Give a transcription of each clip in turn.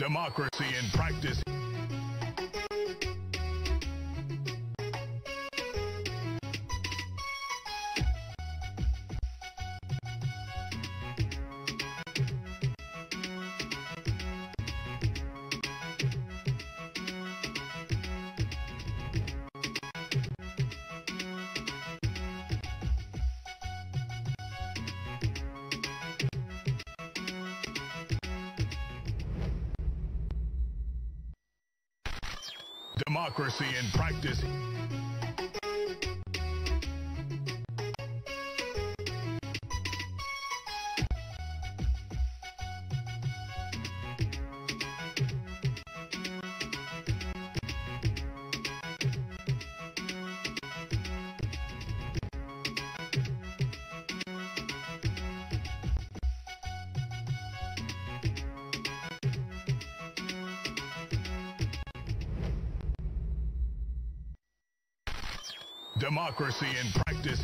democracy in practice. democracy in practice.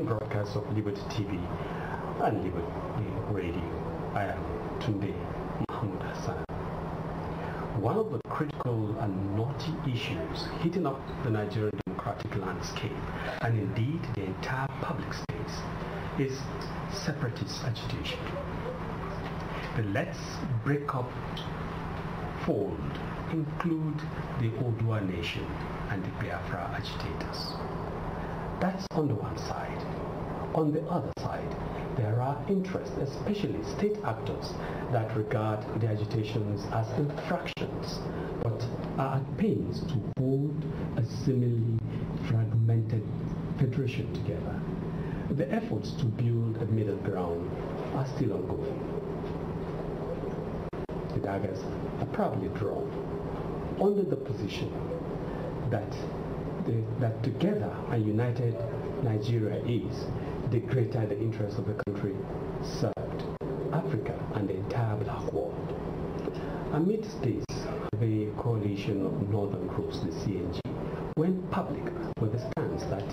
Broadcast of Liberty TV and Liberty Radio. I am Tunde Mahmoud Hassan. One of the critical and naughty issues heating up the Nigerian democratic landscape and indeed the entire public space is separatist agitation. The let's break up fold include the Odua nation and the Biafra agitators. That's on the one side. On the other side, there are interests, especially state actors, that regard the agitations as infractions, but are at pains to hold a seemingly fragmented federation together. The efforts to build a middle ground are still ongoing. The daggers are probably drawn under the position that the, that together and united Nigeria is, the greater the interest of the country served, Africa and the entire black world. Amidst this, the coalition of northern groups, the CNG, went public with a stance that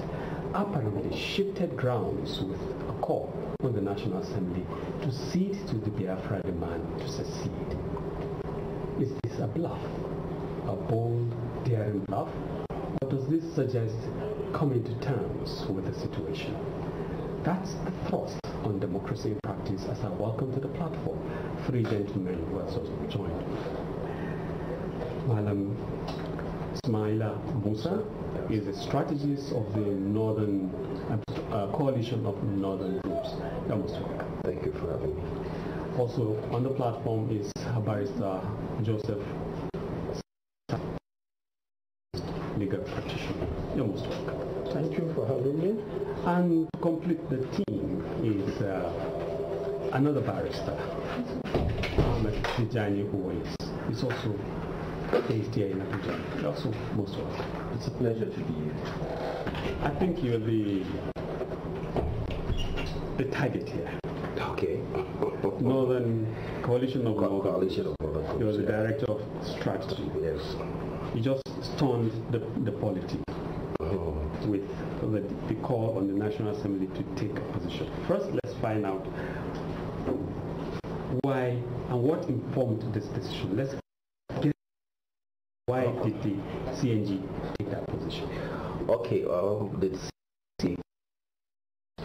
apparently shifted grounds with a call on the National Assembly to cede to the Biafra demand to secede. Is this a bluff? A bold, daring bluff? What does this suggest? Coming to terms with the situation. That's the thrust on democracy in practice as I welcome to the platform three gentlemen who have joined. Madam Smaila Musa is a strategist of the Northern uh, Coalition of Northern Groups. You're most welcome. Thank you for having me. Also on the platform is Barrister Joseph split the team is uh, another barrister, Ahmed um, Tijani, who is, is also based here in Abuja. Also, most of It's a pleasure to be here. I think you're the the target here. Okay. Northern Coalition of Co- Coalition of Northern You're the director of strategy. Yes. You just stunned the, the politics with the, the call on the National Assembly to take a position. First, let's find out why and what informed this decision. Let's why did the CNG take that position? Okay, um, the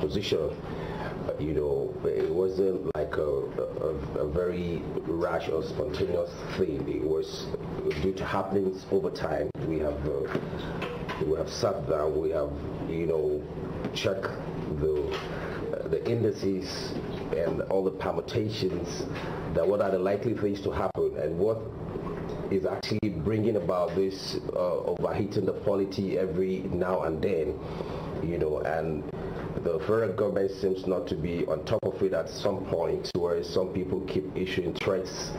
position, uh, you know, it wasn't like a, a, a, very rash or spontaneous thing. It was due to happenings over time. We have uh, we have sat down, we have, you know, checked the, uh, the indices and all the permutations that what are the likely things to happen and what is actually bringing about this uh, overheating the polity every now and then, you know, and the federal government seems not to be on top of it at some point where some people keep issuing threats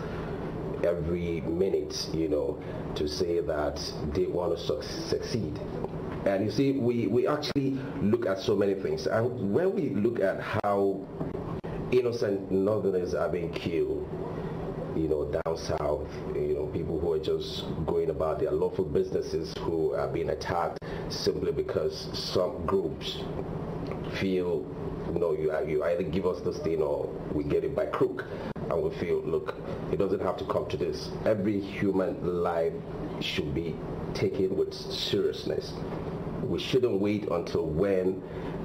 every minute, you know, to say that they want to su succeed. And you see, we, we actually look at so many things. And when we look at how innocent northerners are being killed, you know, down south, you know, people who are just going about their lawful businesses who are being attacked simply because some groups feel, you know, you, you either give us this thing or we get it by crook and we feel, look, it doesn't have to come to this. Every human life should be taken with seriousness. We shouldn't wait until when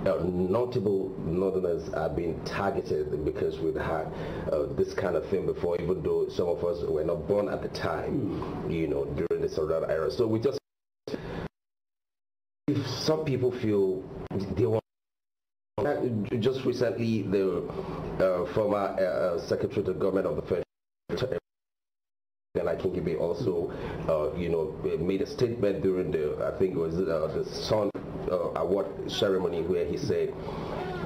uh, notable northerners are being targeted because we've had uh, this kind of thing before, even though some of us were not born at the time, hmm. you know, during the Sadat era. So we just, if some people feel they want uh, just recently, the uh, former uh, uh Secretary the Government of the Federal and I think he also, uh, you know, made a statement during the, I think it was uh, the Sun Award ceremony where he said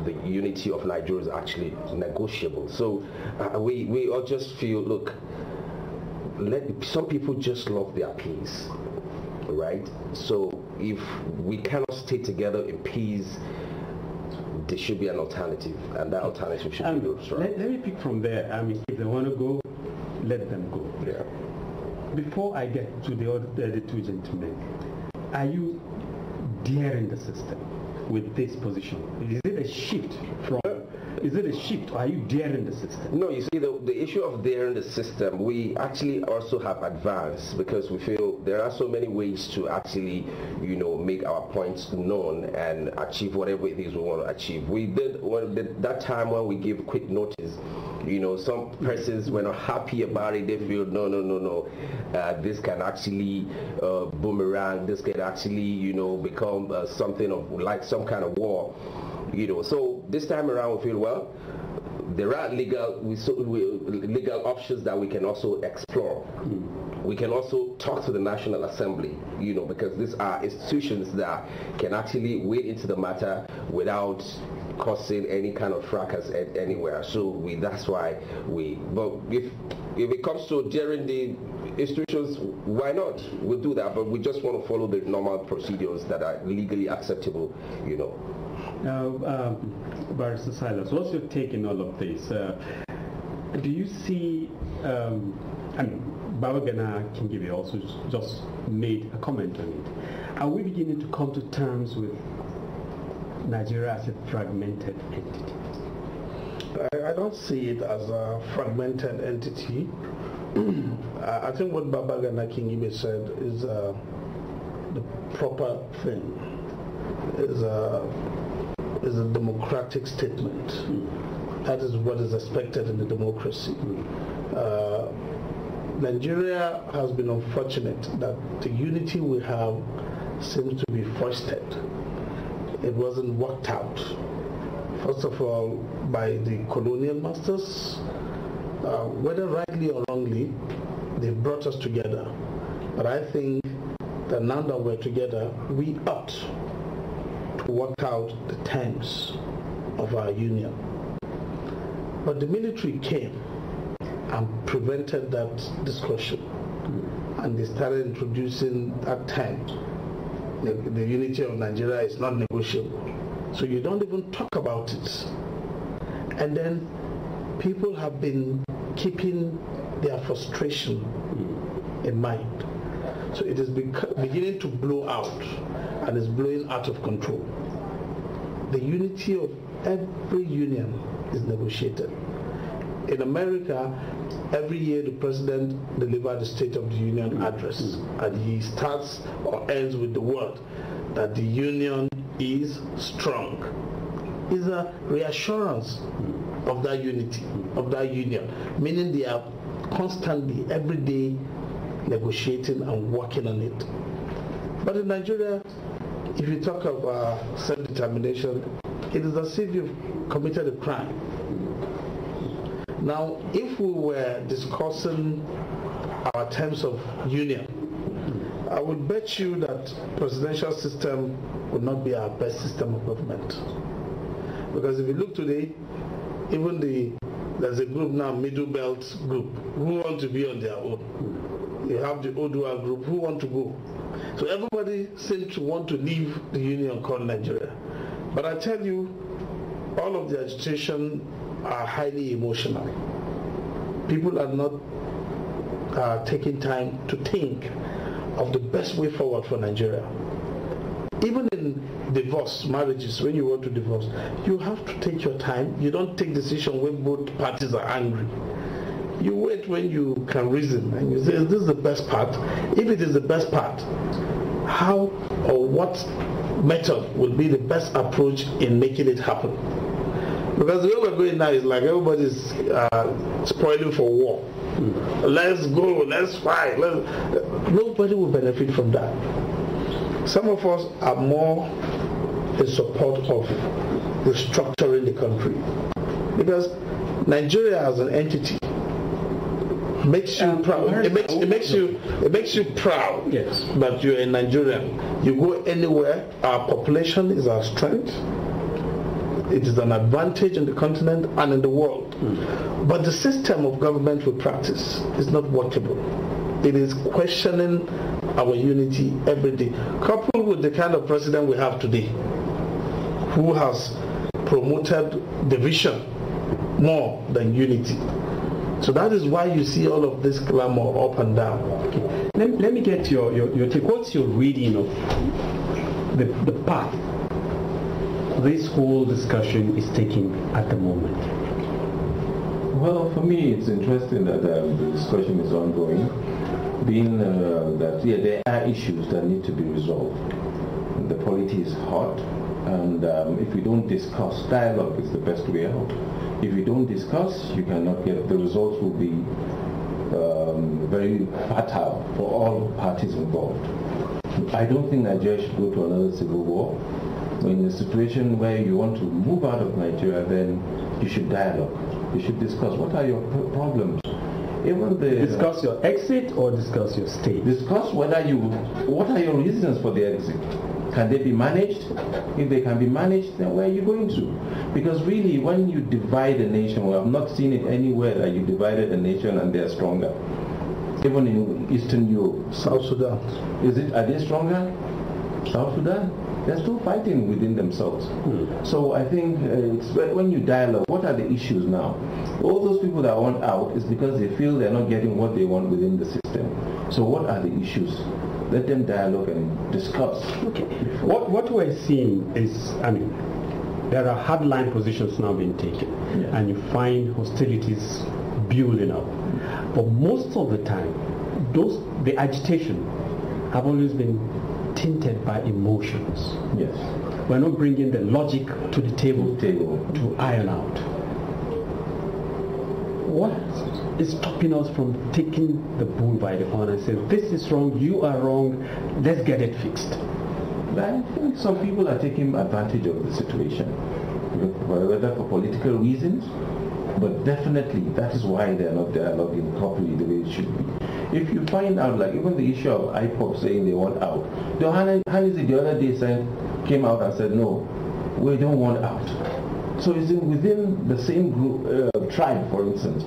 the unity of Nigeria is actually negotiable. So we, we all just feel, look, let, some people just love their peace, right? So if we cannot stay together in peace, there should be an alternative, and that alternative should um, be Let, let, me pick from there. I mean, if they want to go, let them go. Yeah. Before I get to the other the two gentlemen, are you daring the system with this position? Is it a shift from is it a shift or are you daring the system? No, you see, the, the issue of daring the system, we actually also have advanced because we feel there are so many ways to actually, you know, make our points known and achieve whatever it is we want to achieve. We did, when, the, that time when we give quick notice, you know, some persons were not happy about it. They feel, no, no, no, no, uh, this can actually uh, boomerang. This can actually, you know, become uh, something of like some kind of war. You know, so this time around we feel, well, there are legal we, so, we, legal options that we can also explore. Mm. We can also talk to the National Assembly, you know, because these are institutions that can actually wade into the matter without causing any kind of fracas anywhere. So we, that's why we. But if if it comes to during the institutions, why not? We'll do that, but we just want to follow the normal procedures that are legally acceptable, you know. Now, um, Barrister Silas, what's your take in all of this? Uh, do you see, um, I mean, Babagana Kingibe also just made a comment on it. Are we beginning to come to terms with Nigeria as a fragmented entity? I, I don't see it as a fragmented entity. I think what Babagana Kingibe said is uh, the proper thing. Is uh, is a democratic statement. Mm. That is what is expected in a democracy. Mm. Uh, Nigeria has been unfortunate that the unity we have seems to be foisted. It wasn't worked out. First of all, by the colonial masters, uh, whether rightly or wrongly, they brought us together. But I think that now that we're together, we ought to work out the terms of our union. But the military came and prevented that discussion. And they started introducing that term. The, the unity of Nigeria is not negotiable. So you don't even talk about it. And then people have been keeping their frustration in mind. So it is beginning to blow out and is blowing out of control. The unity of every union is negotiated. In America, every year the president delivers the State of the Union address and he starts or ends with the word that the union is strong. Is a reassurance of that unity, of that union, meaning they are constantly, every day, negotiating and working on it. But in Nigeria, if you talk of uh, self-determination, it is as if you've committed a crime. Now, if we were discussing our terms of union, I would bet you that presidential system would not be our best system of government. Because if you look today, even the there's a group now, Middle Belt group, who want to be on their own we have the Odua group who want to go. So everybody seems to want to leave the union called Nigeria. But I tell you, all of the agitation are highly emotional. People are not uh, taking time to think of the best way forward for Nigeria. Even in divorce, marriages, when you want to divorce, you have to take your time. You don't take decision when both parties are angry you wait when you can reason and you say, is this the best part? If it is the best part, how or what method will be the best approach in making it happen? Because where we're going now is like everybody's uh, spoiling for war. Let's go, let's fight. Let's... Nobody will benefit from that. Some of us are more in support of restructuring the country. Because Nigeria as an entity makes you um, proud. It makes, it makes you it makes you proud. Yes. But you're a Nigerian. You go anywhere. Our population is our strength. It is an advantage in the continent and in the world. Mm. But the system of government we practice is not workable. It is questioning our unity every day. Coupled with the kind of president we have today, who has promoted division more than unity. So that is why you see all of this clamor up and down. Okay. Let, let me get your, your, your take. What's your reading of the, the path this whole discussion is taking at the moment? Well, for me, it's interesting that um, the discussion is ongoing, being uh, that yeah, there are issues that need to be resolved. The polity is hot, and um, if we don't discuss, dialogue is the best way out. If you don't discuss, you cannot get the results will be um, very fatal for all parties involved. I don't think Nigeria should go to another civil war. In a situation where you want to move out of Nigeria, then you should dialogue. You should discuss what are your problems. Even the, discuss your exit or discuss your stay. Discuss whether you, what are your reasons for the exit can they be managed? If they can be managed, then where are you going to? Because really, when you divide a nation, well, I've not seen it anywhere that you divided a nation and they're stronger. Even in Eastern Europe. South Sudan. Is it, are they stronger? South Sudan? They're still fighting within themselves. Hmm. So I think uh, when you dialogue, what are the issues now? All those people that want out is because they feel they're not getting what they want within the system. So what are the issues? let them dialogue and discuss. Okay. What, what we're seeing is, I mean, there are hardline positions now being taken, yeah. and you find hostilities building up. But most of the time, those the agitation have always been tinted by emotions. Yes. We're not bringing the logic to the table, table. to iron out. What is stopping us from taking the bull by the horn and say, this is wrong, you are wrong, let's get it fixed. But I think some people are taking advantage of the situation, whether for political reasons, but definitely that is why they are not dialoguing properly the way it should be if you find out, like even the issue of IPOP saying they want out, the the other day said, came out and said, no, we don't want out. So it's within the same group, uh, tribe, for instance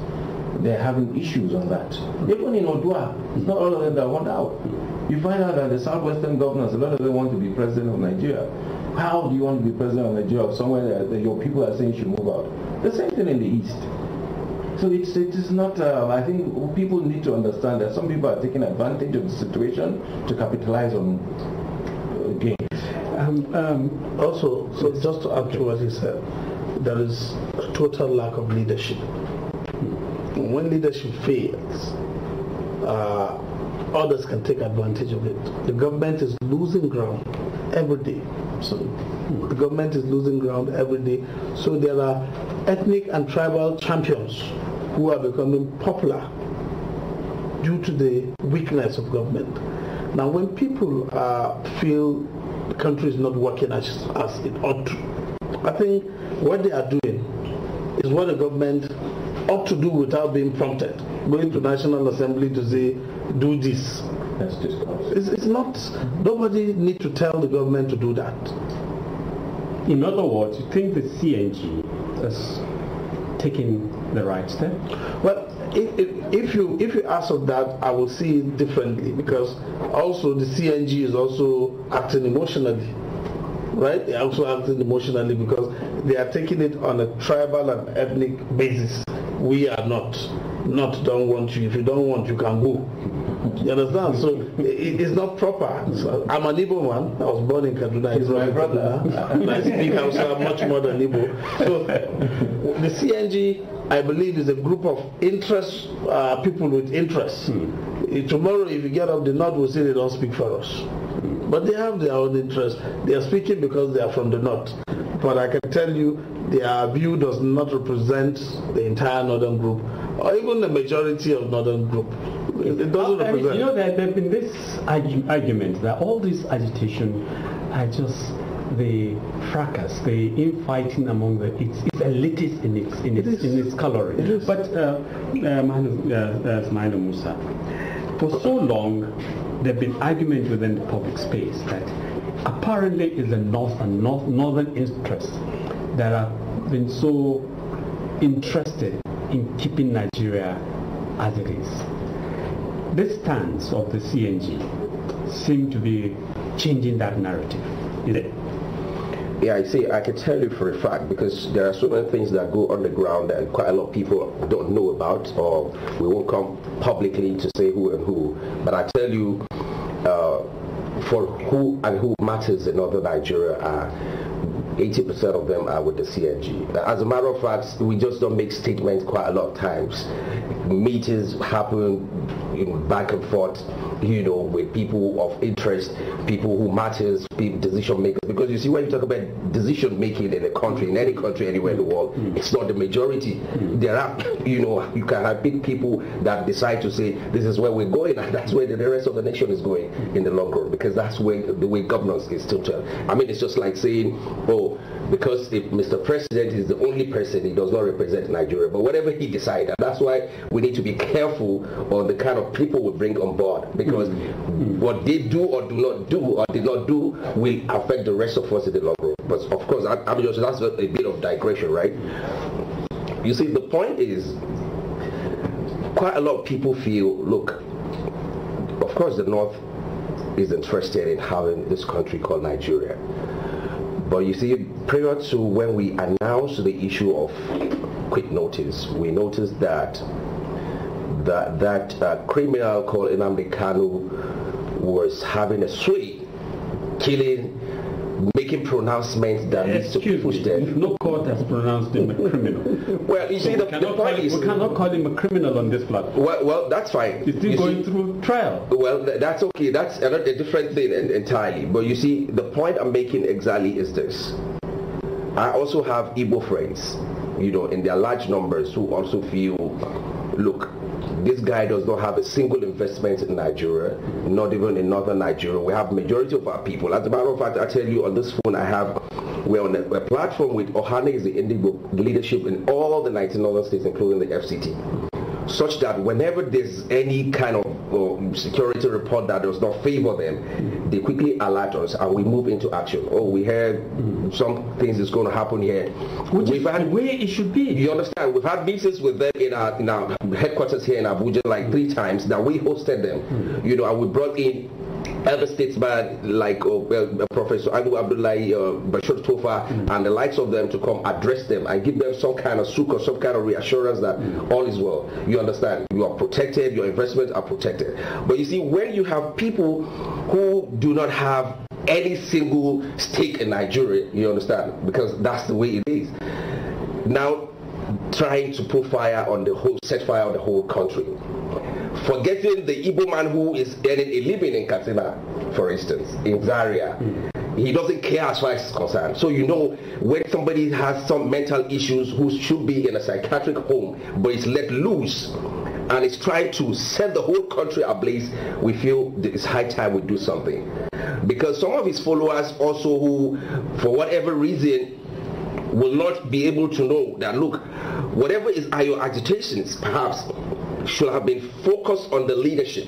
they're having issues on that. Even in Odua, it's not all of them that want out. You find out that the southwestern governors, a lot of them want to be president of Nigeria. How do you want to be president of Nigeria somewhere that, your people are saying should move out? The same thing in the east. So it's, it is not, uh, I think people need to understand that some people are taking advantage of the situation to capitalize on uh, gains. Um, um, also, so just to add to what you said, there is a total lack of leadership when leadership fails, uh, others can take advantage of it. The government is losing ground every day. So the government is losing ground every day. So there are ethnic and tribal champions who are becoming popular due to the weakness of government. Now, when people uh, feel the country is not working as, as it ought to, I think what they are doing is what the government ought to do without being prompted, going to National Assembly to say, do this. It's, it's not, nobody need to tell the government to do that. In other words, you think the CNG has taken the right step? Well, if, if, if, you if you ask of that, I will see it differently because also the CNG is also acting emotionally, right? They're also acting emotionally because they are taking it on a tribal and ethnic basis we are not not don't want you if you don't want you can go you understand so it, it's not proper so i'm an Igbo man i was born in Kaduna he's my brother i speak also much more than Igbo so the CNG i believe is a group of interest uh, people with interest hmm. tomorrow if you get up the north will say they don't speak for us but they have their own interest they are speaking because they are from the north but i can tell you their view does not represent the entire northern group or even the majority of northern group. It doesn't mean, represent. You know, there have been this argu argument that all this agitation are just the fracas, the infighting among the it's, it's elitist in its in its, it in its coloring. It but uh uh, uh, uh, Manu, Musa, for so long there have been arguments within the public space that apparently it's the north and north, northern interest that have been so interested in keeping Nigeria as it is. This stance of the CNG seem to be changing that narrative, is it? Yeah, I say I can tell you for a fact because there are so many things that go on the ground that quite a lot of people don't know about or we won't come publicly to say who and who. But I tell you uh, for who and who matters in Northern Nigeria are 80% of them are with the CNG. As a matter of fact, we just don't make statements quite a lot of times. Meetings happen, you know, back and forth, you know, with people of interest, people who matters, people, decision makers. Because you see, when you talk about decision making in a country, in any country, anywhere in the world, mm. it's not the majority. Mm. There are, you know, you can have big people that decide to say, this is where we're going, and that's where the rest of the nation is going in the long run, because that's where the way governance is tilted. I mean, it's just like saying, oh, because if Mr. President is the only person, he does not represent Nigeria. But whatever he decides, that's why we need to be careful on the kind of people we bring on board because mm-hmm. what they do or do not do or did not do will affect the rest of us in the long run. But of course, I, I'm just, that's a bit of digression, right? You see, the point is quite a lot of people feel, look, of course the North is interested in having this country called Nigeria. But you see, prior to when we announced the issue of quick notice, we noticed that that, that uh, criminal called Enamdi Kanu was having a sweet killing making pronouncements that leads to push them. No court has pronounced him a criminal. well, you so see, the, the point is... We cannot call him a criminal on this platform. Well, well that's fine. He's still you going see, through trial. Well, that's okay. That's a different thing entirely. But you see, the point I'm making exactly is this. I also have Igbo friends, you know, in their large numbers who also feel, look, this guy does not have a single investment in Nigeria, not even in northern Nigeria. We have majority of our people. As a matter of fact, I tell you on this phone, I have we're on a, a platform with Ohana is the Indigo leadership in all the 19 northern states, including the FCT such that whenever there's any kind of uh, security report that does not favor them, they quickly alert us and we move into action. Oh, we heard some things is going to happen here. Which we've is had, the way it should be. You understand? We've had meetings with them in our, in our headquarters here in Abuja like three times that we hosted them. Hmm. You know, and we brought in other statesmen like uh, uh, Professor Abu Abdullahi, uh, Bashir Tofa, mm. and the likes of them to come address them and give them some kind of sukkah, some kind of reassurance that mm. all is well. You understand? You are protected, your investments are protected. But you see, when you have people who do not have any single stake in Nigeria, you understand? Because that's the way it is. Now, trying to put fire on the whole, set fire on the whole country forgetting the Igbo man who is earning a living in Katsina, for instance, in Zaria. Mm. He doesn't care as far as he's concerned. So you know when somebody has some mental issues who should be in a psychiatric home but is let loose and is trying to set the whole country ablaze, we feel it's high time we do something. Because some of his followers also who, for whatever reason, will not be able to know that, look, whatever is your agitations, perhaps, should have been focused on the leadership.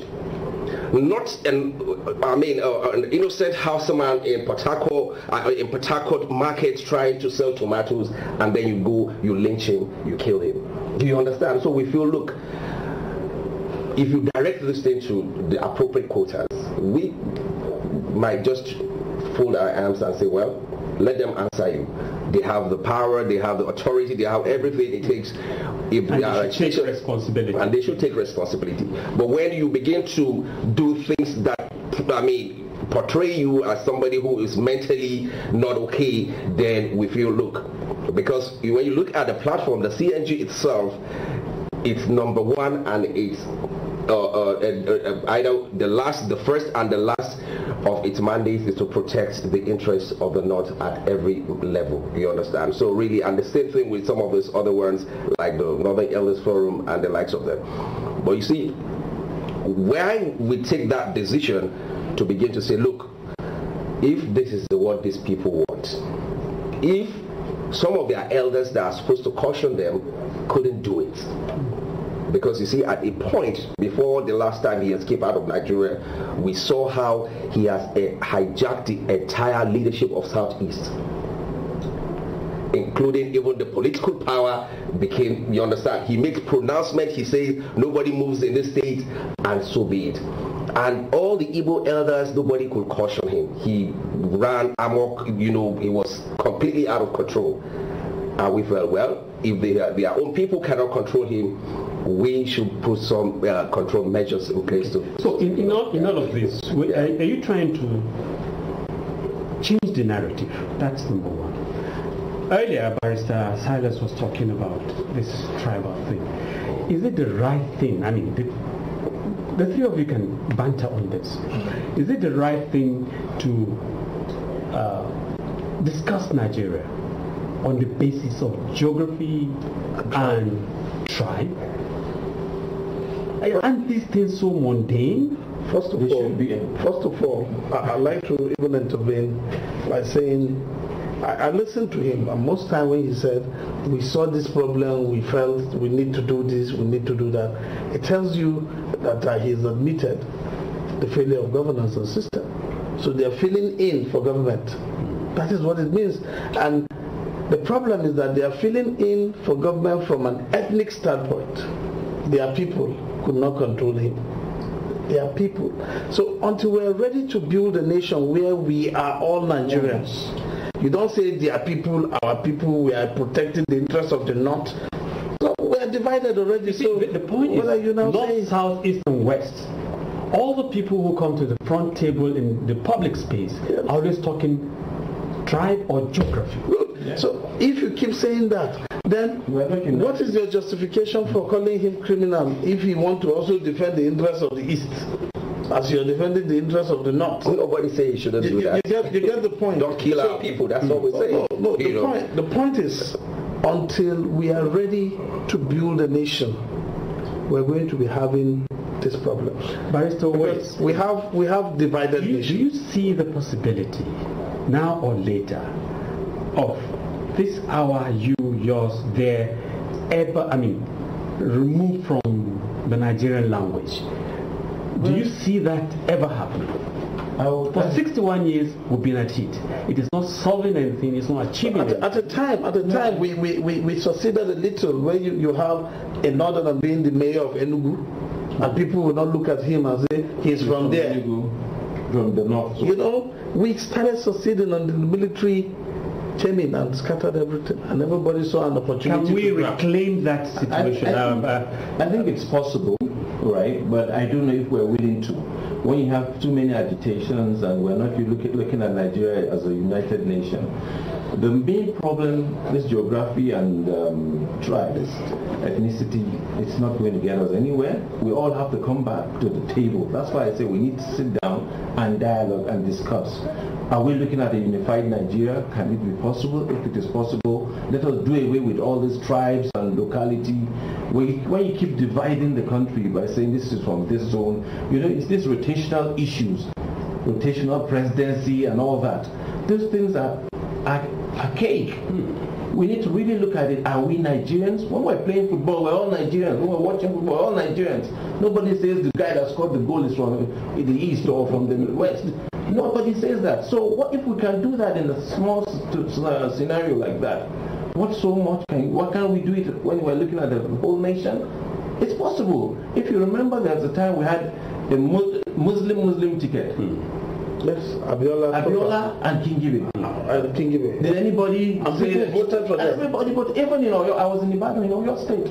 Not an, I mean, uh, uh an innocent houseman in Patako, uh, in Patako market trying to sell tomatoes, and then you go, you lynch him, you kill him. Do you understand? So we feel, look, if you direct this thing to the appropriate quotas, we might just fold our arms and say, well, let them answer you. They have the power, they have the authority, they have everything it takes. If and they, they should take teacher, responsibility. And they should take responsibility. But when you begin to do things that, I mean, portray you as somebody who is mentally not okay, then we feel look. Because when you look at the platform, the CNG itself, it's number one and it's uh, uh, and, uh, um, either the last, the first and the last of its mandates is to protect the interests of the North at every level. You understand? So really, and the same thing with some of these other ones like the Northern Elders Forum and the likes of them. But you see, when we take that decision to begin to say, look, if this is what these people want, if some of their elders that are supposed to caution them couldn't do it, because you see, at a point before the last time he escaped out of Nigeria, we saw how he has uh, hijacked the entire leadership of Southeast including even the political power became you understand he makes pronouncements he says nobody moves in this state and so be it and all the Igbo elders nobody could caution him he ran amok you know he was completely out of control and we felt well if they, their own people cannot control him we should put some uh, control measures in place too. So in, in, all, in all of this, are, are you trying to change the narrative? That's number one. Earlier, Barrister Silas was talking about this tribal thing. Is it the right thing? I mean, the, the three of you can banter on this. Is it the right thing to uh, discuss Nigeria on the basis of geography and tribe? Aren't these things so mundane? First of all, first of all, I, like to even intervene by saying I, I, listened to him, and most time when he said we saw this problem, we felt we need to do this, we need to do that, it tells you that uh, he's admitted the failure of governance and system. So they are filling in for government. That is what it means. And the problem is that they are filling in for government from an ethnic standpoint. They are people could not control him. They are people. So until we're ready to build a nation where we are all Nigerians, you don't say they are people, our people, we are protecting the interests of the North. So we are divided already. See, so the point is, you now North, saying? South, East and West all the people who come to the front table in the public space are always talking tribe or geography. So if you keep saying that, then what is your justification for calling him criminal if you want to also defend the interests of the East? As you're defending the interests of the North. Nobody say you shouldn't you, do that. You get, you get, the point. Don't kill so, our people. That's mm. what we say. No, no, the, point, the point is, until we are ready to build a nation, we're going to be having this problem. Barrister, wait. We have, we have divided do you, nation. Do you see the possibility, now or later, of this hour you yours there ever I mean removed from the Nigerian language. Well, Do you see that ever happen? For 61 years, we've been at it. It is not solving anything. It's not achieving. At, at the time, at the no. time, we, we, we, we succeeded a little. When you, you have a northern being the mayor of Enugu, and people will not look at him and say he's, he's from, from, there, Enugu, from the north. You know, we started succeeding on the military came in and scattered everything, and everybody saw an opportunity. Can we reclaim that situation? I, I, um, uh, I think it's possible, right? But I don't know if we're willing to. When you have too many agitations, and we're not looking looking at Nigeria as a united nation, the main problem is geography and um, tribes, ethnicity. It's not going to get us anywhere. We all have to come back to the table. That's why I say we need to sit down and dialogue and discuss. Are we looking at a unified Nigeria? Can it be possible? If it is possible, let us do away with all these tribes and locality. When you keep dividing the country by saying this is from this zone, you know, it's these rotational issues, rotational presidency and all that. Those things are, are archaic. Hmm. We need to really look at it. Are we Nigerians? When we're playing football, we're all Nigerians. When we're watching football, we're all Nigerians. Nobody says the guy that scored the goal is from the east or from the west. Nobody says that. So what if we can do that in a small uh, scenario like that? What so much can, what can we do it when we're looking at the whole nation? It's possible. If you remember, there's a time we had a Muslim-Muslim ticket. Hmm. Yes, Abiola, Abiola and Kingibe. Uh, Kingibe. Did anybody I'm say people voted for them? Everybody, but even you know, I was in Ibadan in Oyo State.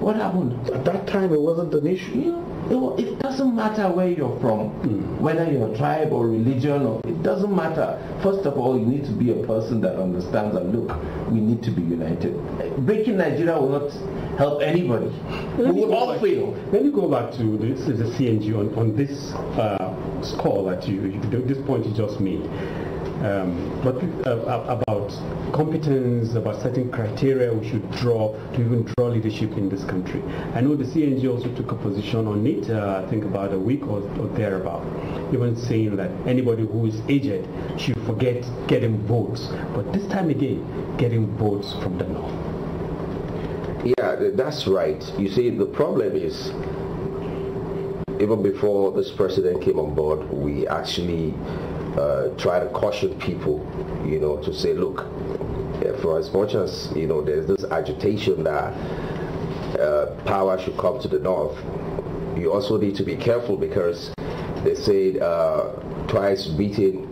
What happened? At that time, it wasn't an issue. Yeah it, doesn't matter where you're from, hmm. whether you're a tribe or religion, or, it doesn't matter. First of all, you need to be a person that understands and look, we need to be united. Breaking Nigeria will not help anybody. Let we will all back, fail. Let me go back to this, the CNG on, on this uh, score that you, this point you just made um, but, uh, about competence, about certain criteria we should draw to even draw leadership in this country. I know the CNG also took a position on it, uh, I think about a week or, or thereabout, even saying that anybody who is aged should forget getting votes. But this time again, getting votes from the north. Yeah, that's right. You see, the problem is even before this president came on board, we actually uh, try to caution people, you know, to say, look, for as much as, you know, there's this agitation that uh, power should come to the north, you also need to be careful because they said uh, twice beaten,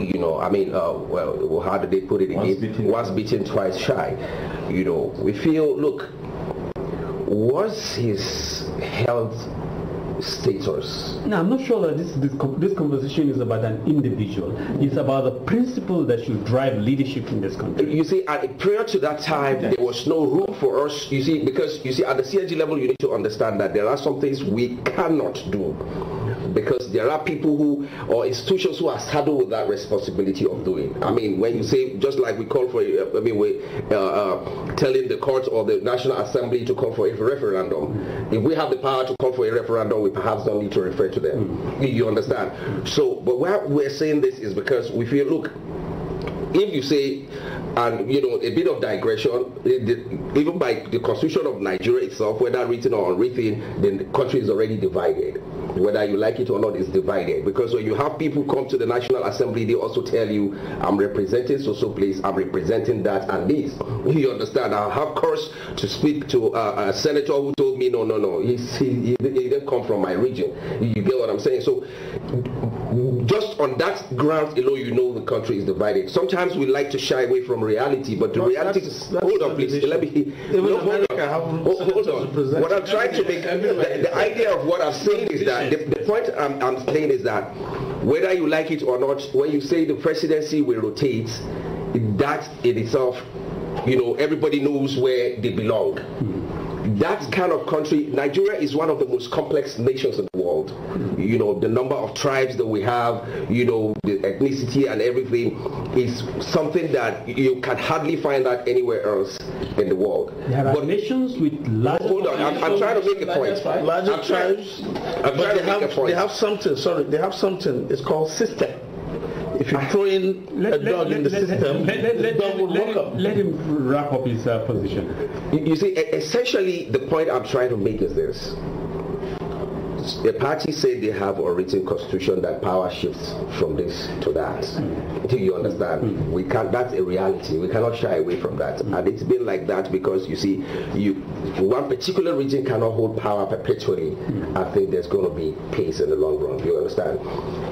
you know, I mean, uh, well, how did they put it once again? Beaten. Once beaten, twice shy. You know, we feel, look, was his health status. Now, I'm not sure that this, this, this conversation is about an individual. It's about the principle that should drive leadership in this country. You see, at, prior to that time, there was no room for us, you see, because, you see, at the CIG level, you need to understand that there are some things we cannot do because there are people who or institutions who are saddled with that responsibility of doing. I mean, when you say just like we call for, I mean, we uh, uh, telling the courts or the National Assembly to call for a referendum. If we have the power to call for a referendum, we perhaps don't need to refer to them. Hmm. You understand? So, but why we're saying this is because we feel, look, if you say, and you know, a bit of digression, even by the constitution of Nigeria itself, whether written or unwritten, then the country is already divided whether you like it or not, is divided. Because when you have people come to the National Assembly, they also tell you, I'm representing so-so place, I'm representing that and this. You understand? I have course to speak to a, uh, a senator who told me, no, no, no, he, he, he didn't come from my region. You get what I'm saying? So just on that ground alone, you know the country is divided. Sometimes we like to shy away from reality, but the reality that's, that's hold on, please. Let me. Even no, hold on. Hold, hold on. What I'm trying to make the, the, idea of what I'm saying is that the, the point I'm, I'm saying is that whether you like it or not, when you say the presidency will rotate, that in itself, you know, everybody knows where they belong. hmm that kind of country, Nigeria is one of the most complex nations in world. You know, the number of tribes that we have, you know, the ethnicity and everything is something that you can hardly find out anywhere else in the world. There but, nations with large. Hold on, I'm, I'm, trying to make a point. Larger I'm tribes. I'm trying to make have, a point. They have something. Sorry, they have something. It's called system if you throw in let, a dog let, in the let, system, the dog will walk up. Let him wrap up his uh, position. You, you see, essentially, the point I'm trying to make is this the party said they have a written constitution that power shifts from this to that. Do you understand? Mm. We can't. That's a reality. We cannot shy away from that. Mm. And it's been like that because you see, you one particular region cannot hold power perpetually. Mm. I think there's going to be peace in the long run. Do you understand?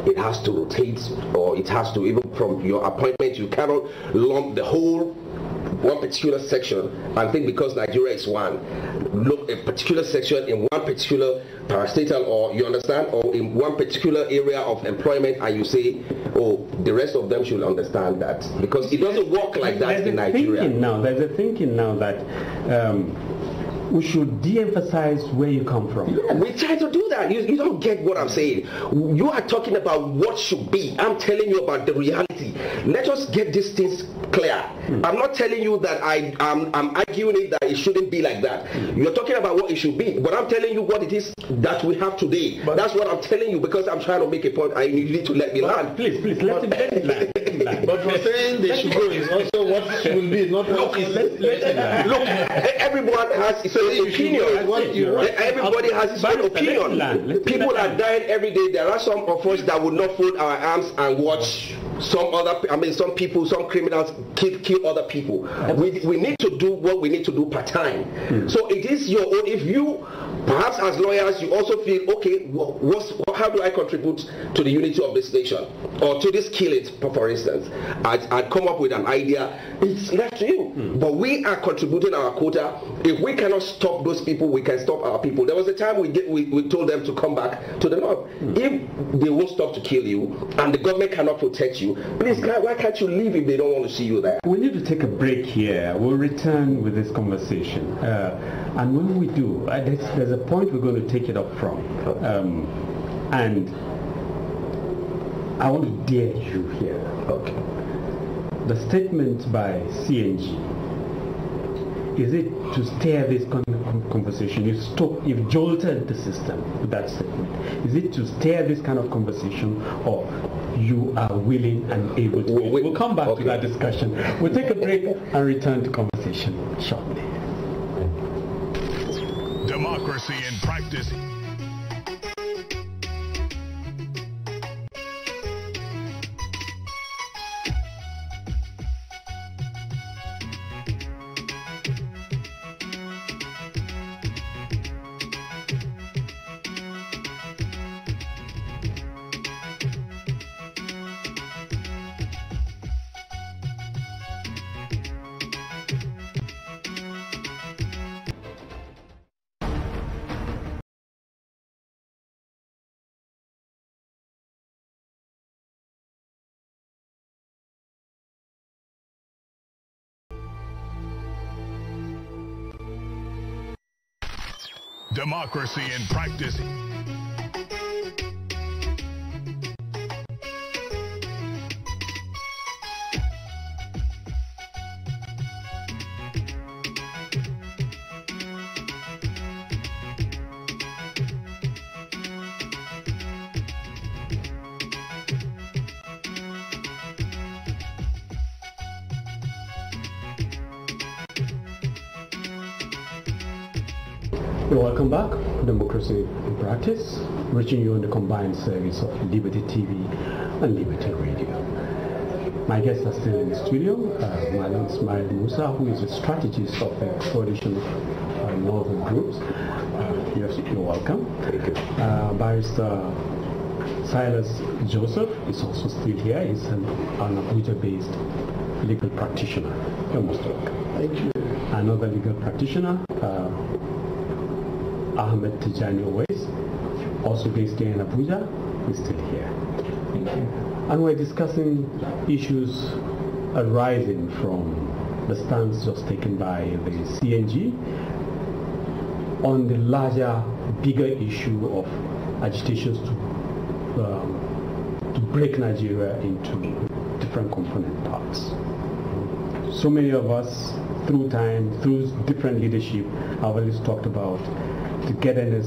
It has to rotate, or it has to even from your appointment. You cannot lump the whole one particular section and think because Nigeria is one, look a particular section in one particular parastatal or you understand or in one particular area of employment and you say oh the rest of them should understand that because it doesn't work like that there's in Nigeria. Thinking now, there's a thinking now that um, we should de-emphasize where you come from. Yeah, we try to do that. You, you don't get what I'm saying. You are talking about what should be. I'm telling you about the reality. Let us get these things clear. Mm. I'm not telling you that I, I'm, I'm arguing it that it shouldn't be like that. Mm. You're talking about what it should be, but I'm telling you what it is that we have today. But That's what I'm telling you because I'm trying to make a point. I need to let me land. Please, please, let me land. But you're saying they should go is also what should be, not what is. Look, everyone has opinion. What you Everybody has his own opinion. People are dying every day. There are some of us that would not fold our arms and watch some other i mean some people some criminals kill, kill other people we, we need to do what we need to do part time hmm. so it is your own if you Perhaps as lawyers, you also feel, okay, what, how do I contribute to the unity of this nation or to this killing, for instance? I'd, I'd, come up with an idea. It's left to you. Hmm. But we are contributing our quota. If we cannot stop those people, we can stop our people. There was a time we, get, we, we told them to come back to the north. Hmm. If they won't stop to kill you and the government cannot protect you, please, why can't you leave if they don't want to see you there? We need to take a break here. We'll return with this conversation. Uh, and when we do, uh, there's, there's a the point we're going to take it up from. Um, and I want to dare you here. Okay. The statement by CNG is it to steer this conversation? You stop, you've jolted the system with that statement. Is it to steer this kind of conversation, or you are willing and able to? We, will come back okay. to that discussion. We'll take a break and return to conversation shortly democracy in practice. democracy in practice. welcome back. Democracy in Practice, reaching you on the combined service of Liberty TV and Liberty Radio. My guests are still in the studio. Uh, my name is Marid Musa, who is a strategist of the coalition uh, Northern Groups. Uh, yes, you're welcome. Thank you. Uh, Barrister Silas Joseph is also still here. He's an, an Abuja-based legal practitioner. You're most welcome. Thank you. Another legal practitioner. Uh, Ahmed Tijani always. Also based here in Abuja, is still here. And we're discussing issues arising from the stance just taken by the CNG on the larger, bigger issue of agitations to, um, to break Nigeria into different component parts. So many of us, through time, through different leadership, have always talked about togetherness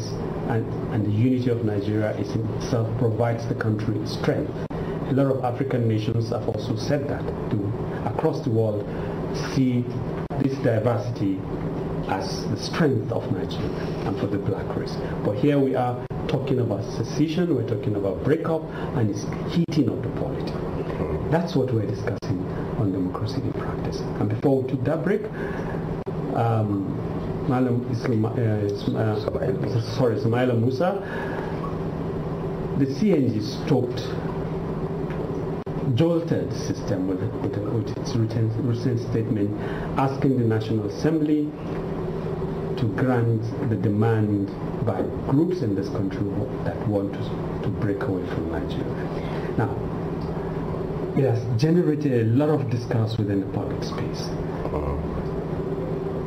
and, and the unity of Nigeria itself provides the country strength. A lot of African nations have also said that to across the world see this diversity as the strength of Nigeria and for the black race. But here we are talking about secession, we're talking about breakup, and it's heating up the polity. That's what we're discussing on democracy in practice. And before we took that break, um, Ismaila, Isma, uh, sorry, Ismaila Musa, the CNG stopped jolted the system with, with, with its written, recent statement asking the National Assembly to grant the demand by groups in this country that want to, to break away from Nigeria. Now, it has generated a lot of discourse within the public space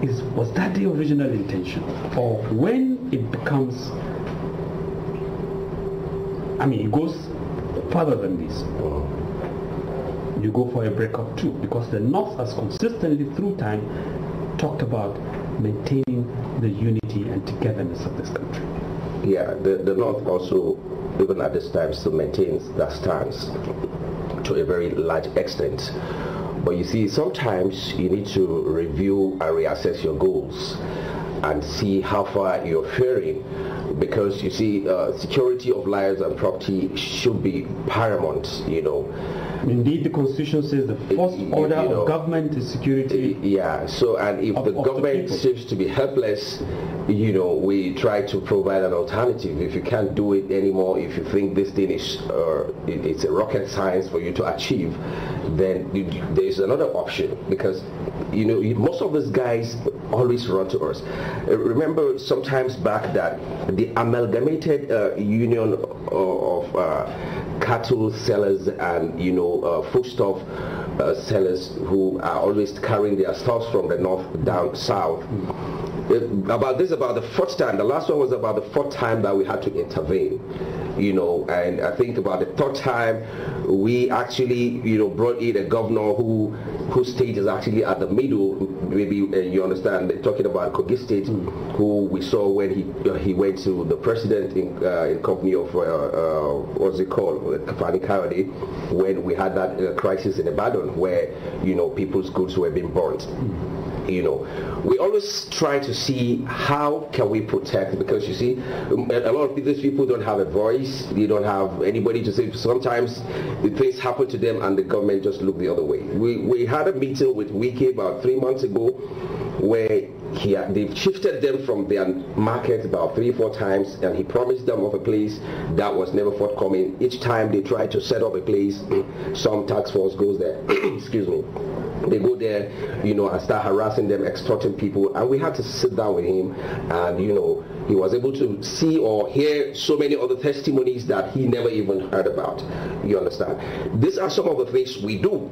is was that the original intention? Or when it becomes I mean it goes further than this. You go for a breakup too, because the North has consistently through time talked about maintaining the unity and togetherness of this country. Yeah, the, the North also, even at this time, still maintains that stance to a very large extent. But you see, sometimes you need to review and reassess your goals and see how far you're faring because you see uh, security of lives and property should be paramount you know Indeed, the Constitution says the first order you know, of government is security. Eh, yeah, so and if of, the government the seems to be helpless, you know, we try to provide an alternative. If you can't do it anymore, if you think this thing is uh, it, it's a rocket science for you to achieve, then you, there's another option because, you know, most of these guys always run to us. Uh, remember sometimes back that the amalgamated uh, union of uh, cattle sellers and you know uh, foodstuff uh, sellers who are always carrying their stuffs from the north down south. It, uh, about this about the fourth time. The last one was about the fourth time that we had to intervene you know, and I think about the third time we actually, you know, brought in a governor who whose state is actually at the middle maybe uh, you understand talking about Kogi State, mm. who we saw when he uh, he went to the president in, uh, in company of uh, uh, what's it called, Kafani Karadi, when we had that crisis in Ibadan where you know people's goods were being burnt. Mm you know we always try to see how can we protect because you see a lot of these people don't have a voice they don't have anybody to say sometimes the things happen to them and the government just look the other way we, we had a meeting with wiki about three months ago where he, they shifted them from their market about three, four times, and he promised them of a place that was never forthcoming. Each time they tried to set up a place, some tax force goes there. Excuse me they go there, you know, and start harassing them, extorting people. And we had to sit down with him, and you know, he was able to see or hear so many other testimonies that he never even heard about. You understand? These are some of the things we do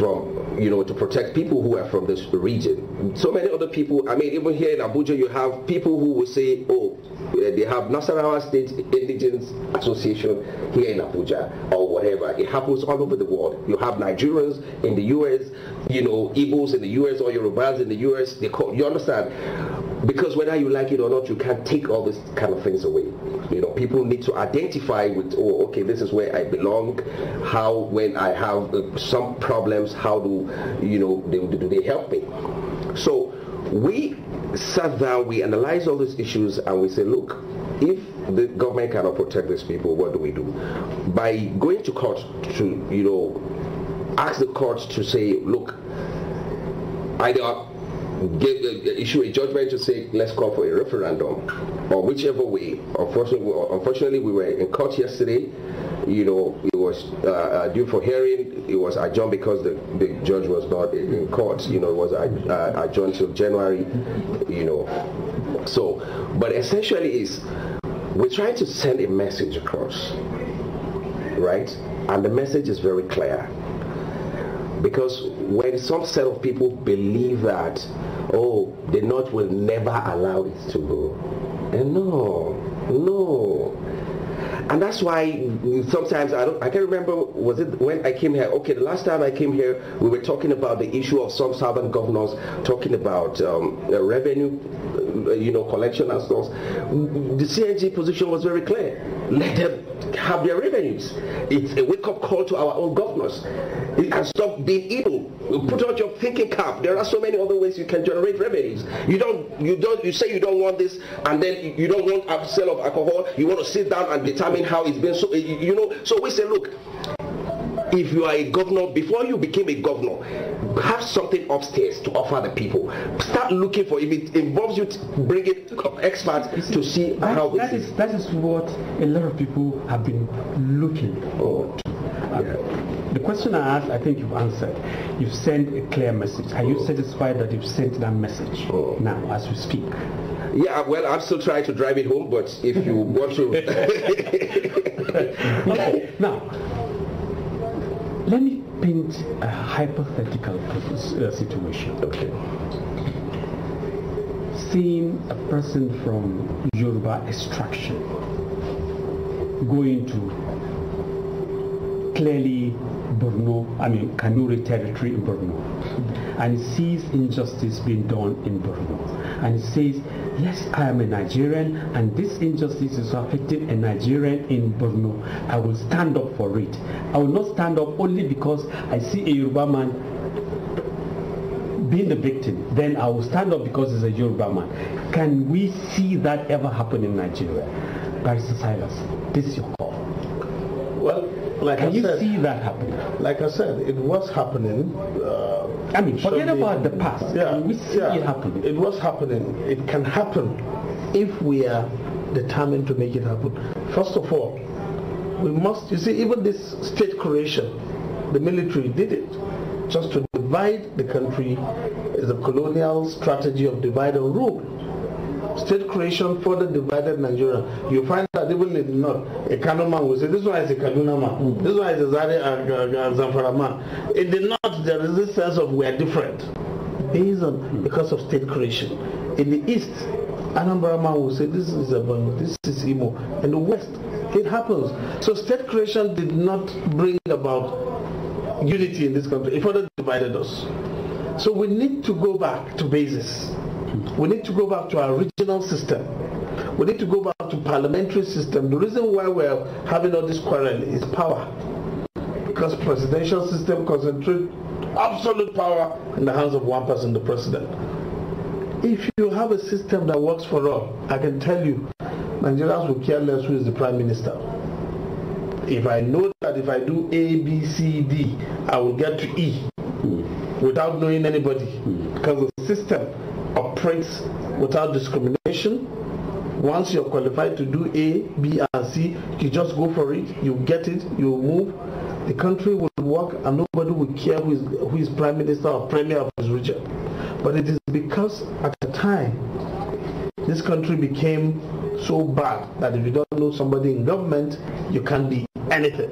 from you know, to protect people who are from this region. So many other people, I mean, even here in Abuja, you have people who will say, oh, they have Nasarawa State Indigenous Association here in Abuja or whatever. It happens all over the world. You have Nigerians in the U.S., you know, Igbos in the U.S. or Yorubas in the U.S. They call, you understand? Because whether you like it or not, you can't take all these kind of things away. You know, people need to identify with, oh, okay, this is where I belong. How, when I have uh, some problems, how do you know, they, do they help me? So we sat down, we analyzed all these issues, and we said, look, if the government cannot protect these people, what do we do? By going to court to, you know, ask the court to say, look, either give, issue a judgment to say, let's call for a referendum, or whichever way. Unfortunately, unfortunately we were in court yesterday, you know, it was uh, due for hearing. It was adjourned because the, the judge was not in court. You know, it was uh, adjourned till January. You know, so but essentially is we're trying to send a message across, right? And the message is very clear because when some set of people believe that oh the north will never allow it to go and no no and that's why sometimes I don't, I can't remember, was it when I came here? Okay, the last time I came here, we were talking about the issue of some southern governors talking about um, revenue uh, you know, collection and stores. The CNG position was very clear. Let them have their revenues. It's a wake-up call to our own governors. It can stop being evil. Put on your thinking cap. There are so many other ways you can generate revenues. You don't, you don't, you say you don't want this, and then you don't want a sale of alcohol. You want to sit down and determine how it's been. So you know. So we say, look, if you are a governor, before you became a governor, have something upstairs to offer the people. Start looking for if it involves you it. experts see, to see that, how that is. That is what a lot of people have been looking for. Oh, yeah. The question I asked, I think you've answered. You've sent a clear message. Are you oh. satisfied that you've sent that message oh. now as we speak? Yeah, well, I'm still trying to drive it home, but if you want to. okay, now, a hypothetical uh, situation. Okay. Seeing a person from Yoruba extraction going to clearly Borno, I mean Kanuri territory in Borno, and sees injustice being done in Borno, and says yes, I am a Nigerian and this injustice is affecting a Nigerian in Borno. I will stand up for it. I will not stand up only because I see a Yoruba man being the victim. Then I will stand up because he's a Yoruba man. Can we see that ever happen in Nigeria? Barrister Silas, this is your call. Well, like Can I you said, see that happening? Like I said, it was happening. Uh, I mean, forget about the past. Yeah, I mean, we see yeah, it happening. It was happening. It can happen if we are determined to make it happen. First of all, we must, you see, even this state creation, the military did it just to divide the country is a colonial strategy of divide and rule state creation further divided Nigeria. You find that even in the north, a Kano man will say, this one is a Kaduna man, mm. this one is a Zari uh, uh, uh, Zamfara man. In the north, there is this sense of we are different based on because of state creation. In the east, Anambra man will say, this is Abano, this is Imo. In the west, it happens. So state creation did not bring about unity in this country. It further divided us. So we need to go back to basis. We need to go back to our original system. We need to go back to parliamentary system. The reason why we're having all this quarrel is power. Because presidential system concentrates absolute power in the hands of one person, the president. If you have a system that works for all, I can tell you, Nigerians will care less who is the prime minister. If I know that if I do A, B, C, D, I will get to E hmm. without knowing anybody hmm. because the system without discrimination. Once you're qualified to do A, B, and C, you just go for it, you get it, you move. The country will work and nobody will care who is, who is prime minister or premier of his region. But it is because at the time, this country became so bad that if you don't know somebody in government, you can not be anything.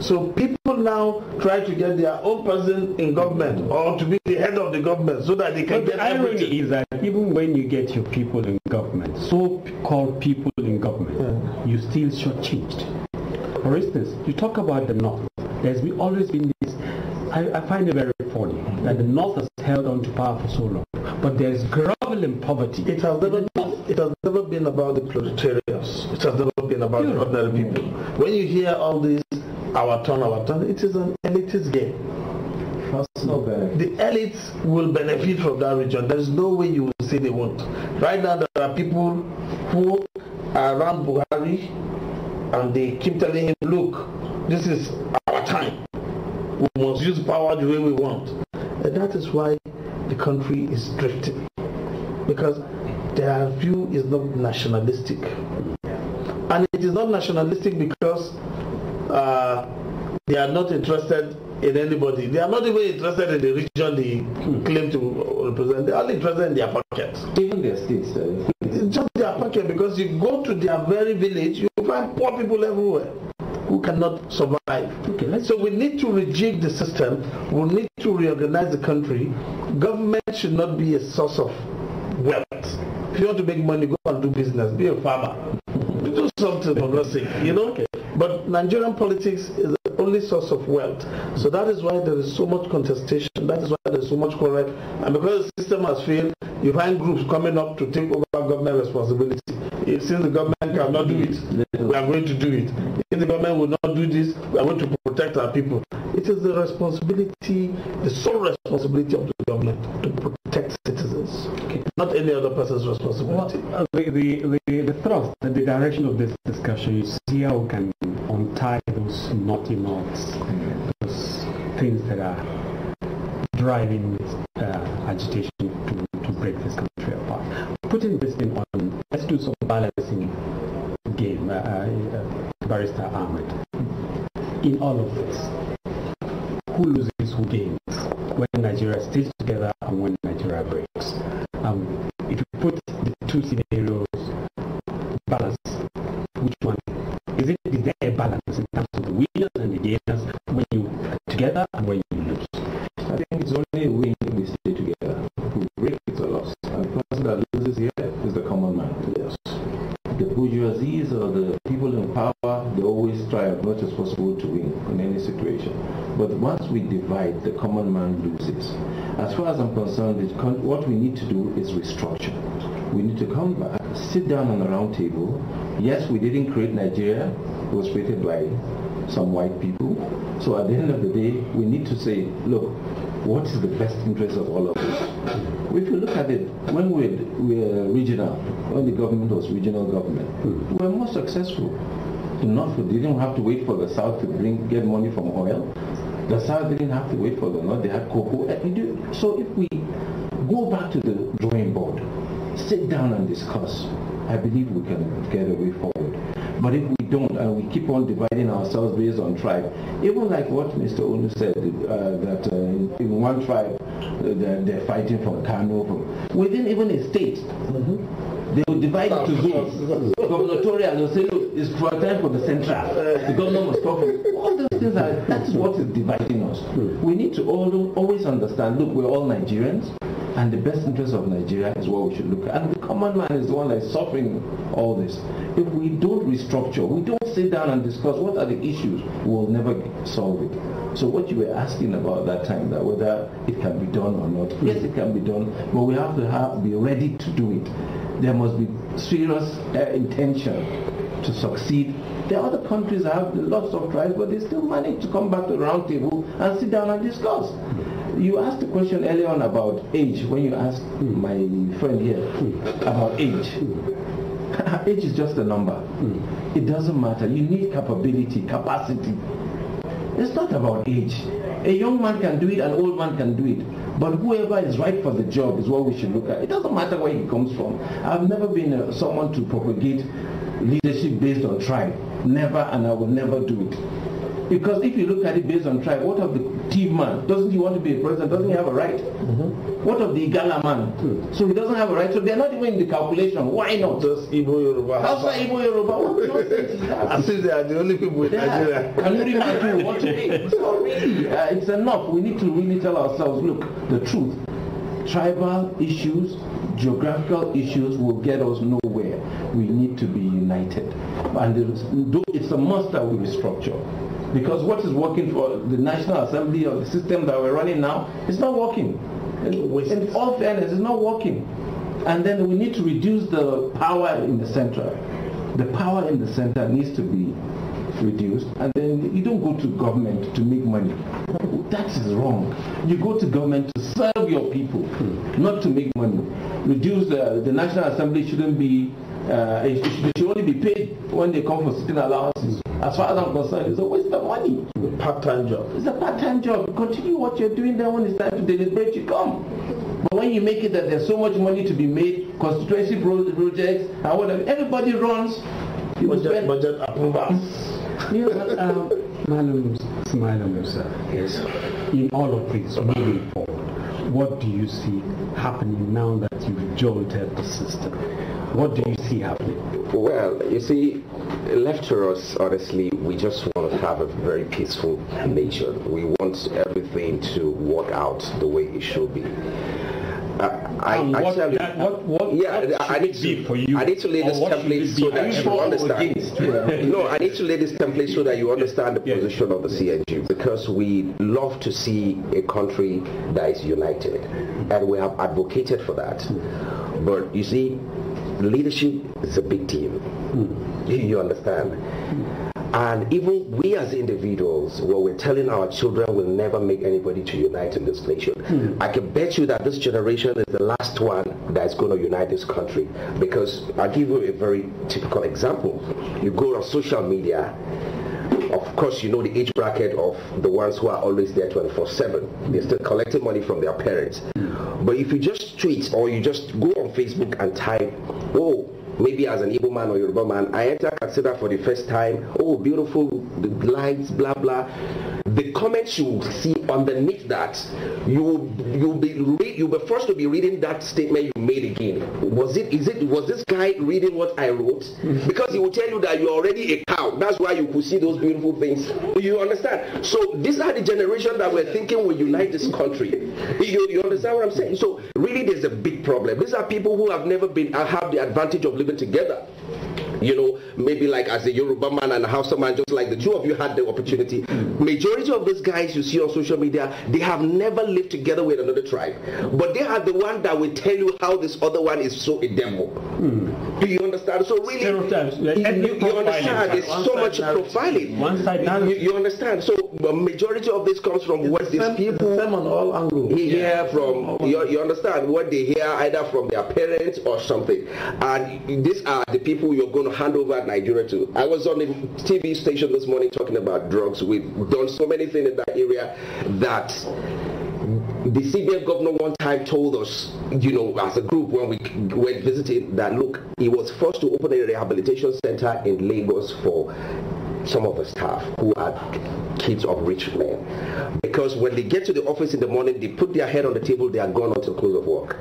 So people now try to get their own person in government or to be the head of the government so that they can but get the irony everything. is that even when you get your people in government, so-called people in government, yeah. you still shortchanged. For instance, you talk about the North. There's always been this I, I, find it very funny that the North has held on to power for so long, but there is groveling poverty. It has never, it has never been about the proletarians. It has never been about the ordinary people. When you hear all this, our turn, our turn, it is an elitist game. The elites will benefit from that region. There is no way you will say they won't. Right now, there are people who are around Buhari and they keep telling him, look, this is our time. We must use power the way we want. And that is why the country is drifting. Because their view is not nationalistic. And it is not nationalistic because uh, they are not interested in anybody. They are not even interested in the region they claim to represent. They are only interested in their pocket. Even their states. Uh, just their pocket because you go to their very village, you find poor people everywhere. who cannot survive. Okay, so we need to rejig the system. We need to reorganize the country. Government should not be a source of wealth. If you want to make money, go and do business. Be a farmer. do something progressive, you know? Okay. But Nigerian politics is the only source of wealth. So that is why there is so much contestation. That is why there is so much quarrel. And because the system has failed, you find groups coming up to take over government responsibility. since the government cannot do it, we are going to do it. If the government will not do this, we are going to protect our people. It is the responsibility, the sole responsibility of the government to protect citizens, okay. not any other person's responsibility. Well, the, the, the, the thrust, and the direction of this discussion, you see how we can untie those naughty knots, those things that are driving uh, agitation putting this thing on, let's do some balancing game, uh, uh, uh, Barrister Ahmed, in all of this. Who loses, who gains, when Nigeria stays together and when Nigeria breaks. Um, if you put the two scenarios, balance, which one? Is, it, is there a balance in terms of the winners and the gainers when you are together and when much as possible to win in any situation. But once we divide, the common man loses. As far as I'm concerned, what we need to do is restructure. We need to come back, sit down on a round table. Yes, we didn't create Nigeria. It was created by some white people. So at the end of the day, we need to say, look, what is the best interest of all of us? If you look at it, when we were regional, when the government was regional government, we were more successful to North, they didn't have to wait for the South to bring get money from oil. The South didn't have to wait for the North. They had cocoa. So if we go back to the drawing board, sit down and discuss, I believe we can get a way forward. But if we don't, and we keep on dividing ourselves based on tribe, even like what Mr. Onu said, uh, that uh, in, in, one tribe uh, they're, they're, fighting for Kano, from, within even a state, mm -hmm they will divide into zones. Gubernatorial, they'll say, look, it's time for the central. The government must cover. All those things are, that's what is dividing us. Hmm. We need to all, always understand, look, we're all Nigerians, and the best interest of Nigeria is what we should look at. And the common man is the one that is suffering all this. If we don't restructure, we don't sit down and discuss what are the issues, we'll never solve it. So what you were asking about that time, that whether it can be done or not, yes, it can be done, but we have to have, be ready to do it there must be serious uh, intention to succeed. There are other countries that have lots of trials, but they still manage to come back to the round table and sit down and discuss. You asked the question earlier on about age, when you asked mm. my friend here mm. about age. Mm. age is just a number. It doesn't matter. You need capability, capacity. It's not about age. A young man can do it, an old man can do it. But whoever is right for the job is what we should look at. It doesn't matter where he comes from. I've never been uh, someone to propagate leadership based on tribe. Never, and I will never do it. Because if you look at it based on tribe, what of the team man? Doesn't he want to be a president? Doesn't he have a right? Mm-hmm. What of the Igala man? So he doesn't have a right. So they're not even in the calculation. Why not? Does Igbo Yoruba Igbo Yoruba, what nonsense is that? I think they are the only people in Nigeria. Can you imagine what it is? So it's enough. We need to really tell ourselves, look, the truth. Tribal issues, geographical issues will get us nowhere. We need to be united. And it's a must that we restructure. Because what is working for the National Assembly or the system that we're running now is not working. In, all fairness, it's not working. And then we need to reduce the power in the center. The power in the center needs to be reduced and then you don't go to government to make money. That is wrong. You go to government to serve your people, hmm. not to make money. Reduce the, the National Assembly shouldn't be uh, it, it, should only be paid when they come for sitting allowances. As far as I'm concerned, it's a waste of money. It's a part-time job. It's a part-time job. Continue what you're doing then when it's time to deliberate, you come. But when you make it that there's so much money to be made, constituency projects, and whatever, everybody runs. You budget, spend. budget approvals. you know, um, smile on yourself. yes. in all of this moving forward, what do you see happening now that you've jolted the system? What do you see happening? Well, you see, left to us, honestly, we just want to have a very peaceful nation. We want everything to work out the way it should be. Uh, I, and what, what, what, yeah, what I need to, for you? I need to lay this template so that you understand. no, I need to lay this template so that you understand the yeah. position of the CNG because we love to see a country that is united, and we have advocated for that. But you see, leadership is a big team. Mm. You, understand? Mm. And even we as individuals, what we're telling our children will never make anybody to unite in this nation. Mm. I can bet you that this generation is the last one that's going to unite this country. Because I'll give you a very typical example. You go on social media, of course you know the age bracket of the ones who are always there 24-7 they're still collecting money from their parents hmm. but if you just tweet or you just go on facebook and type oh, maybe as an Igbo man or Yoruba man, I enter Katsina for the first time, oh, beautiful the lights, blah, blah the comments you see underneath that, you you'll be you'll be forced to be reading that statement you made again. Was it is it was this guy reading what I wrote? Mm-hmm. Because he will tell you that you're already a cow. That's why you could see those beautiful things. You understand? So these are the generation that we're thinking will unite this country. You, you understand what I'm saying? So really, there's a big problem. These are people who have never been have the advantage of living together you know, maybe like as a Yoruba man and a Hausa man, just like the two of you had the opportunity. Majority of these guys you see on social media, they have never lived together with another tribe, but they are the one that will tell you how this other one is so a demo. Mm. Do you understand? So really, You, you, understand? There's so much narrative. profiling. One side you, you, understand? So majority of this comes from it's what the same, these people the on all angles. hear yeah. from. You, you understand what they hear either from their parents or something, and these are the people you're going to hand over Nigeria to. I was on the TV station this morning talking about drugs. We've done so many things in that area that the CBF governor one time told us, you know, as a group when we went visiting, that look, he was forced to open a rehabilitation center in Lagos for some of the staff who are kids of rich men because when they get to the office in the morning, they put their head on the table, they are gone until close of work.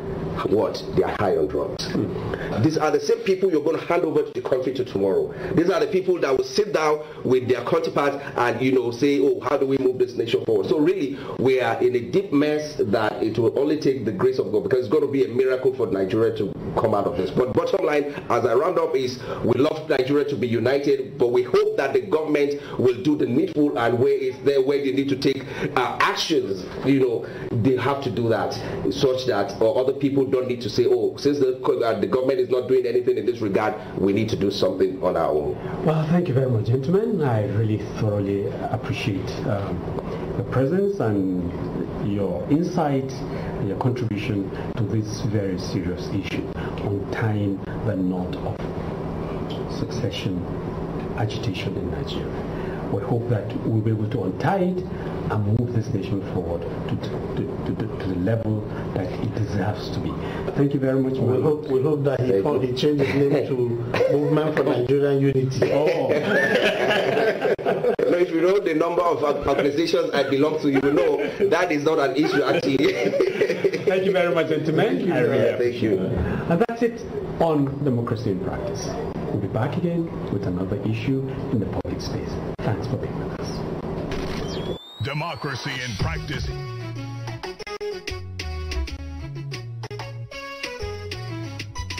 What? They are high on drugs. Mm. These are the same people you're going to hand over to the country to tomorrow. These are the people that will sit down with their counterparts and, you know, say, oh, how do we move this nation forward? So really, we are in a deep mess that it will only take the grace of God because it's going to be a miracle for Nigeria to come out of this. But bottom line, as I round up, is we love Nigeria to be united, but we hope that the government will do the needful and where it's there, where they need to take uh, actions, you know, they have to do that such that or other people don't need to say, oh, since the, uh, the government is not doing anything in this regard, we need to do something on our own. Well, thank you very much, gentlemen. I really thoroughly appreciate um, the presence and your insight your contribution to this very serious issue on tying the knot of succession agitation in Nigeria. We hope that we'll be able to untie it and move this nation forward to, to, to, to the level that it deserves to be. Thank you very much. We hope, we hope that he, changes he name to Movement for Nigerian Unity. Oh. no, if you know the number of organizations I belong to, you will know that is not an issue actually. Thank you very much, gentlemen. thank you. Area. Thank you. And that's it on democracy in practice. We'll be back again with another issue in the public space. Thanks for being with us. Democracy in practice.